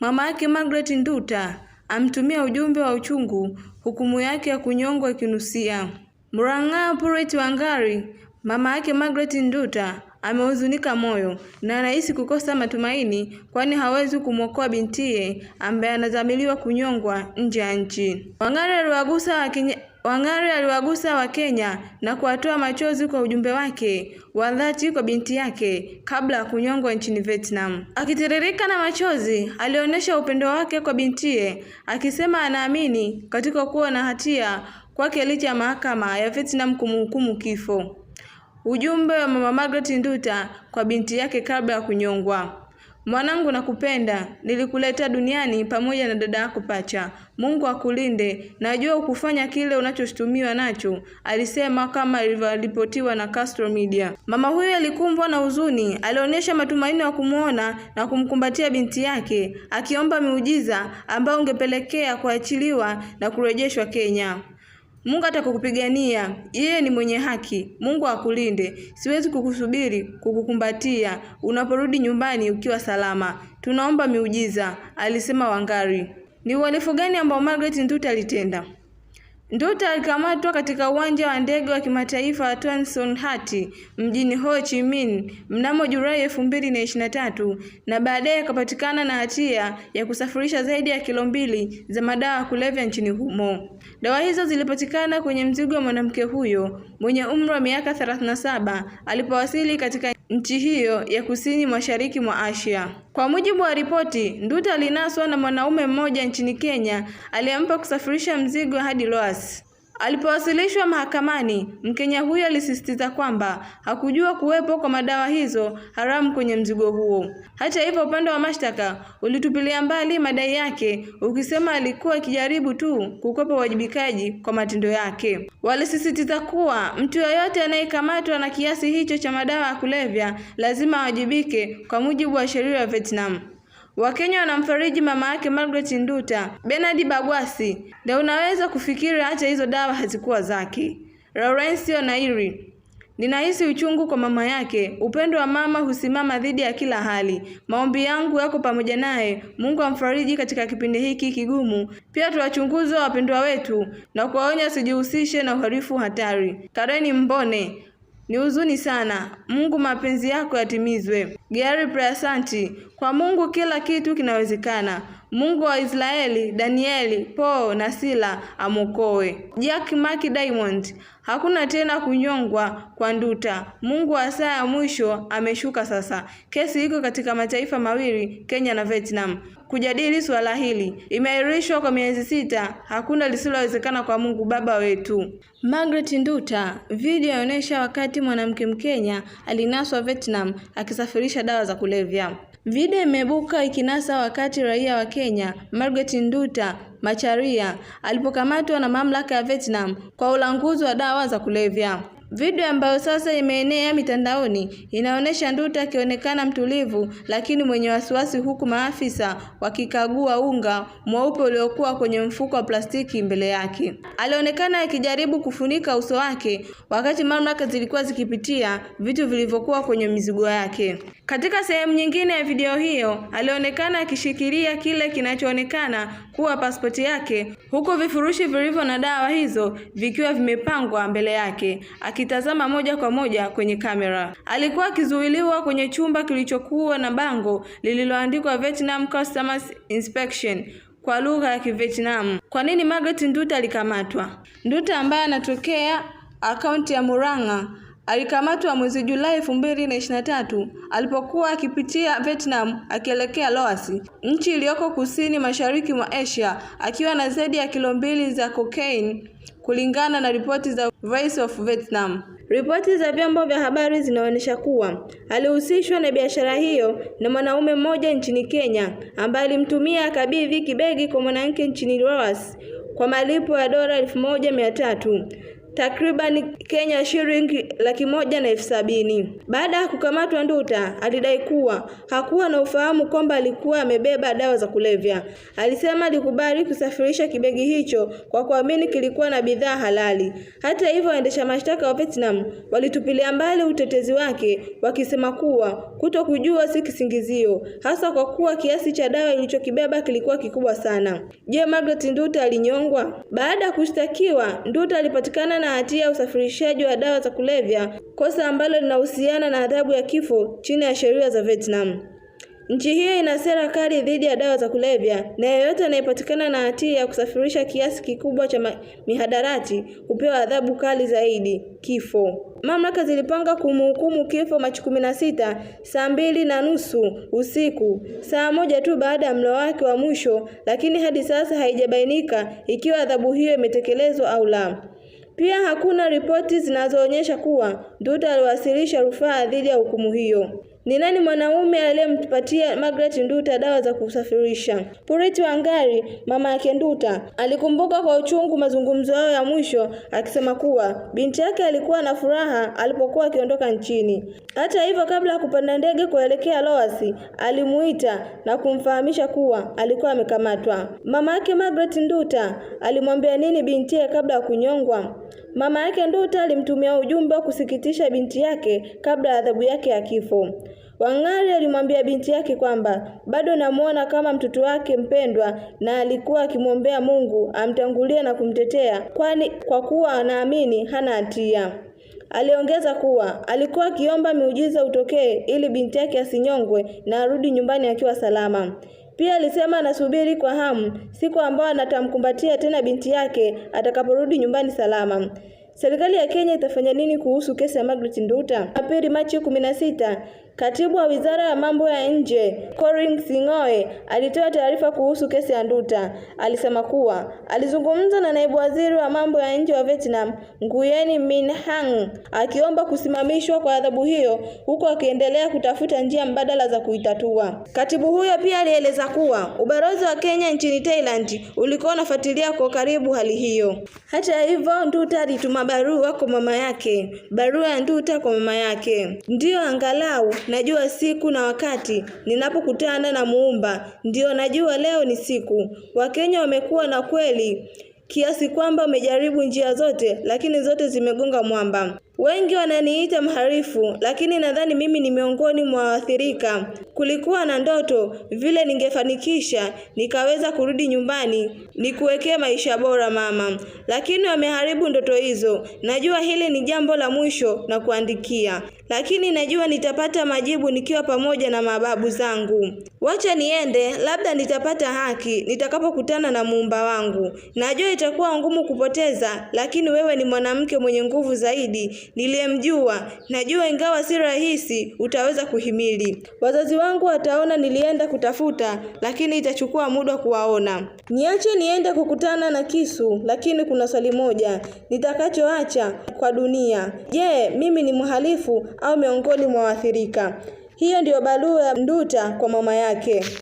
Mama yake Margaret Nduta amtumia ujumbe wa uchungu, hukumu yake ya kunyongwa ikinusia. Mrang'a Purity Wangari, mama yake Margaret Nduta amehuzunika moyo na anahisi kukosa matumaini, kwani hawezi kumwokoa bintiye ambaye anadhamiliwa kunyongwa nje ya nchi. Wangari aliwagusa Wangari aliwagusa Wakenya na kuwatoa machozi kwa ujumbe wake wa dhati kwa binti yake kabla ya kunyongwa nchini Vietnam. Akitiririka na machozi, alionyesha upendo wake kwa bintiye akisema anaamini katika kuwa na hatia kwake licha ya mahakama ya Vietnam kumhukumu kifo. Ujumbe wa Mama Margaret Nduta kwa binti yake kabla ya kunyongwa. Mwanangu nakupenda, nilikuleta duniani pamoja na dada yako pacha. Mungu akulinde, najua ukufanya kile unachoshutumiwa nacho, alisema kama ilivyoripotiwa na Castro Media. Mama huyo alikumbwa na huzuni, alionyesha matumaini ya kumwona na kumkumbatia binti yake, akiomba miujiza ambayo ungepelekea kuachiliwa na kurejeshwa Kenya. Mungu atakukupigania, yeye ni mwenye haki. Mungu akulinde, siwezi kukusubiri kukukumbatia unaporudi nyumbani ukiwa salama. Tunaomba miujiza, alisema Wangari. Ni uhalifu gani ambao Margaret Nduta alitenda? Nduta alikamatwa katika uwanja wa ndege wa kimataifa wa Tan Son Hat mjini Ho Chi Minh mnamo Julai elfu mbili na ishirini na tatu na baadaye akapatikana na hatia ya kusafirisha zaidi ya kilo mbili za madawa ya kulevya nchini humo. Dawa hizo zilipatikana kwenye mzigo wa mwanamke huyo mwenye umri wa miaka 37 alipowasili katika nchi hiyo ya kusini mashariki mwa Asia. Kwa mujibu wa ripoti, Nduta alinaswa na mwanaume mmoja nchini Kenya aliyempa kusafirisha mzigo hadi Loas. Alipowasilishwa mahakamani, Mkenya huyo alisisitiza kwamba hakujua kuwepo kwa madawa hizo haramu kwenye mzigo huo. Hata hivyo, upande wa mashtaka ulitupilia mbali madai yake ukisema alikuwa akijaribu tu kukwepa uwajibikaji kwa matendo yake. Walisisitiza kuwa mtu yeyote anayekamatwa na kiasi hicho cha madawa ya kulevya lazima awajibike kwa mujibu wa sheria ya Vietnam. Wakenya wanamfariji mama yake Margaret Nduta, Bernard Bagwasi, na unaweza kufikiri hata hizo dawa hazikuwa zake. Lawrence Onairi Ninahisi uchungu kwa mama yake. Upendo wa mama husimama dhidi ya kila hali. Maombi yangu yako pamoja naye. Mungu amfariji katika kipindi hiki kigumu. Pia tuwachunguze wapendwa wetu na kuwaonya sijihusishe na uhalifu hatari. Kareni Mbone ni huzuni sana. Mungu, mapenzi yako yatimizwe. Gary Prasanti: kwa Mungu kila kitu kinawezekana. Mungu wa Israeli, Danieli, Paul na Sila amokoe. Jack Mark Diamond, hakuna tena kunyongwa kwa Nduta. Mungu wa saa ya mwisho ameshuka sasa. Kesi iko katika mataifa mawili, Kenya na Vietnam, kujadili suala hili. Imeahirishwa kwa miezi sita. Hakuna lisilowezekana kwa Mungu Baba wetu. Margaret Nduta, video inaonyesha wakati mwanamke Mkenya alinaswa Vietnam akisafirisha dawa za kulevya. Video imebuka ikinasa wakati raia wa Kenya Margaret Nduta Macharia alipokamatwa na mamlaka ya Vietnam kwa ulanguzi wa dawa za kulevya. Video ambayo sasa imeenea mitandaoni inaonyesha Nduta akionekana mtulivu lakini mwenye wasiwasi, huku maafisa wakikagua unga mweupe uliokuwa kwenye mfuko wa plastiki mbele yake. Alionekana akijaribu kufunika uso wake wakati mamlaka zilikuwa zikipitia vitu vilivyokuwa kwenye mizigo yake. Katika sehemu nyingine ya video hiyo, alionekana akishikilia kile kinachoonekana kuwa pasipoti yake, huku vifurushi vilivyo na dawa hizo vikiwa vimepangwa mbele yake Aki akitazama moja kwa moja kwenye kamera. Alikuwa akizuiliwa kwenye chumba kilichokuwa na bango lililoandikwa Vietnam Customs Inspection kwa lugha ya Kivietnam. Kwa nini Margaret Nduta alikamatwa? Nduta ambaye anatokea akaunti ya Murang'a alikamatwa mwezi Julai elfu mbili na ishirini na tatu alipokuwa akipitia Vietnam akielekea Laos, nchi iliyoko kusini mashariki mwa Asia, akiwa na zaidi ya kilo mbili za cocaine kulingana na ripoti za Voice of Vietnam. Ripoti za vyombo vya habari zinaonyesha kuwa alihusishwa na biashara hiyo na mwanaume mmoja nchini Kenya ambaye alimtumia akabidhi kibegi kwa mwanamke nchini Laos kwa malipo ya dola elfu moja mia tatu takriban Kenya shilingi laki moja na elfu sabini. Baada ya kukamatwa, Nduta alidai kuwa hakuwa na ufahamu kwamba alikuwa amebeba dawa za kulevya. Alisema alikubali kusafirisha kibegi hicho kwa kuamini kilikuwa na bidhaa halali. Hata hivyo, waendesha mashtaka wa Vietnam walitupilia mbali utetezi wake, wakisema kuwa kuto kujua si kisingizio, hasa kwa kuwa kiasi cha dawa ilichokibeba kilikuwa kikubwa sana. Je, Margaret Nduta alinyongwa? Baada ya kushtakiwa, Nduta alipatikana na hatia ya usafirishaji wa dawa za kulevya, kosa ambalo linahusiana na adhabu ya kifo chini ya sheria za Vietnam. Nchi hiyo ina sera kali dhidi ya dawa za kulevya na yeyote anayepatikana na hatia ya kusafirisha kiasi kikubwa cha mihadarati hupewa adhabu kali zaidi, kifo. Mamlaka zilipanga kumhukumu kifo Machi kumi na sita saa mbili na nusu usiku, saa moja tu baada ya mlo wake wa mwisho, lakini hadi sasa haijabainika ikiwa adhabu hiyo imetekelezwa au la. Pia hakuna ripoti zinazoonyesha kuwa Duda aliwasilisha rufaa dhidi ya hukumu hiyo. Ni nani mwanaume aliyempatia Margaret Nduta dawa za kusafirisha? Purity Wangari, mama yake Nduta, alikumbuka kwa uchungu mazungumzo yao ya mwisho akisema kuwa binti yake alikuwa na furaha alipokuwa akiondoka nchini. Hata hivyo, kabla ya kupanda ndege kuelekea Loas, alimuita na kumfahamisha kuwa alikuwa amekamatwa. Mama yake Margaret Nduta alimwambia nini bintiye kabla ya kunyongwa? Mama yake Nduta alimtumia ujumbe wa kusikitisha binti yake kabla ya adhabu yake ya kifo. Wang'ari alimwambia binti yake kwamba bado namuona kama mtoto wake mpendwa na alikuwa akimwombea Mungu amtangulie na kumtetea kwani kwa kuwa anaamini hana hatia. Aliongeza kuwa alikuwa akiomba miujiza utokee ili binti yake asinyongwe na arudi nyumbani akiwa salama. Pia alisema anasubiri kwa hamu siku ambayo anatamkumbatia tena binti yake atakaporudi nyumbani salama. Serikali ya Kenya itafanya nini kuhusu kesi ya Margaret Nduta? Jumapili Machi kumi na sita Katibu wa Wizara ya Mambo ya Nje Corinne Sing'oe alitoa taarifa kuhusu kesi ya Nduta. Alisema kuwa alizungumza na naibu waziri wa mambo ya nje wa Vietnam Nguyen Minh Hang akiomba kusimamishwa kwa adhabu hiyo huku akiendelea kutafuta njia mbadala za kuitatua. Katibu huyo pia alieleza kuwa ubalozi wa Kenya nchini Thailand ulikuwa unafuatilia kwa karibu hali hiyo. Hata hivyo, Nduta alituma barua kwa mama yake, barua ya Nduta kwa mama yake ndiyo angalau najua siku na wakati ninapokutana na Muumba, ndio najua leo ni siku. Wakenya wamekuwa na kweli kiasi kwamba wamejaribu njia zote, lakini zote zimegonga mwamba. Wengi wananiita mharifu, lakini nadhani mimi ni miongoni mwa waathirika. Kulikuwa na ndoto vile ningefanikisha nikaweza kurudi nyumbani nikuwekea maisha bora mama, lakini wameharibu ndoto hizo. Najua hili ni jambo la mwisho na kuandikia, lakini najua nitapata majibu nikiwa pamoja na mababu zangu. Wacha niende, labda nitapata haki nitakapokutana na muumba wangu. Najua itakuwa ngumu kupoteza, lakini wewe ni mwanamke mwenye nguvu zaidi niliyemjua. Najua ingawa si rahisi, utaweza kuhimili. Wazazi wangu wataona nilienda kutafuta, lakini itachukua muda kuwaona. Niache niende kukutana na kisu, lakini kuna swali moja nitakachoacha kwa dunia. Je, mimi ni mhalifu au miongoni mwa waathirika? Hiyo ndiyo barua ya Nduta kwa mama yake.